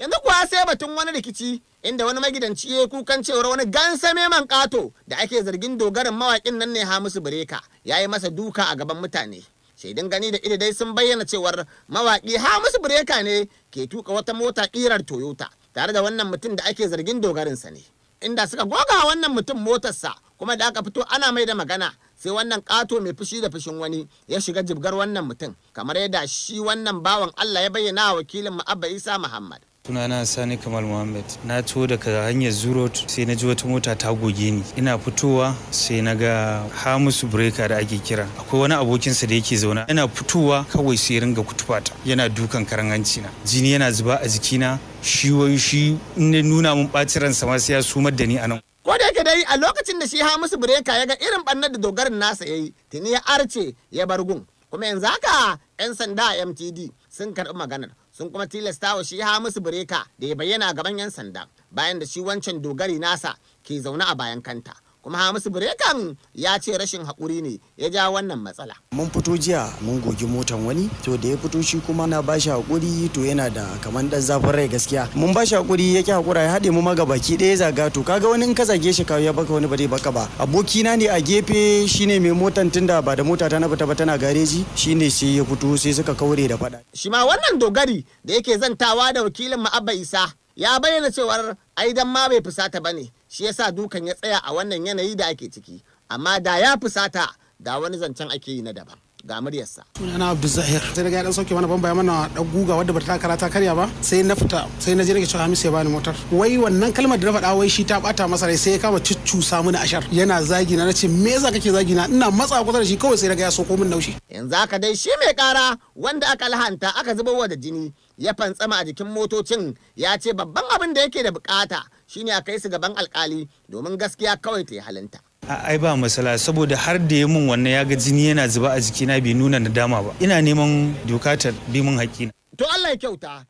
yanzu kuwa sai batun wani rikici inda wani magidanci ya kukan cewar wani gansa man ƙato da ake zargin dogarin mawaƙin nan ne hamisu bireka ya yi masa duka a gaban mutane shaidun gani da ido dai sun bayyana cewar mawaƙi hamisu bireka ne ke tuka wata mota ƙirar toyota tare da wannan mutum da ake zargin dogarinsa ne inda suka goga wannan mutum motarsa kuma da aka fito ana mai da magana sai wannan ƙato mai fushi da fushin wani ya shiga jibgar wannan mutum kamar yadda shi wannan bawan Allah ya bayyana wa wakilin mu Abba Isa Muhammad sunana sani kamal muhammad na to daga hanyar zurotu sai na ji wata mota ta goge ni ina fitowa sai na ga hamus breaker da ake kira akwai wani abokinsa da yake zauna yana fitowa kawai sai ringa kutufata yana dukan karan hanci na jini yana zuba a jikina shi wai shi in nuna mun ɓacin ransa ma sai ya sumar da ni anan. nan ko da yake dai a lokacin da shi Hamisu breaker ya ga irin bannar da dogarin nasa yayi yi tuni ya arce ya bar gun kuma yanzu haka 'yan sanda MTD sun karɓi maganar sun kuma tilasta wa shi ha musu bireka da ya bayyana gaban 'yan sanda bayan da shi wancan dogari nasa ke zaune a bayan kanta kuma hamisu birekan ya ce rashin haƙuri ne ya ja wannan matsala mun fito jiya mun gogi motan wani to da ya fito shi kuma na ba shi haƙuri to yana da kamar dan zafin rai gaskiya mun ba shi haƙuri ya ki haƙura ya haɗe mu maga baki ɗaya zaga to kaga wani in ka zage shi kawai ya baka wani ba zai baka ba abokina ne a gefe shine mai motan tunda ba da mota ta na fita ba tana gareji shine sai ya fito sai suka kaure da faɗa shi ma wannan dogari da yake zantawa da wakilin ma'abba isa ya bayyana cewar ai dan ma bai fusata bane shi yasa dukan ya tsaya a wannan yanayi da ake ciki amma da ya fusata da wani zancen ake yi na daban ga muryarsa. Sunana Abdul Zahir. Sai daga dan sauke mana ban bayan mana dan guga wadda bata takara ta karya ba sai na fita sai na je nake cewa Hamisu ya bani motar. Wai wannan kalmar da na faɗa wai shi ta bata masa rai sai ya kama samu, mini ashar. Yana zagi na nace me yasa kake zagi na ina matsa kusa da shi kawai sai daga ya soko min naushi. Yanzu haka dai shi mai kara wanda aka lahanta aka zubarwa da jini ya fantsama a jikin motocin ya ce babban abin da yake da bukata shine a kai su gaban alkali domin gaskiya kawai ta yi halinta. ai ba masala saboda har da ya mun wannan ya ga jini yana zuba a jikina bai nuna nadama ba ina neman doka ta bi mun haƙƙi. to Allah ya kyauta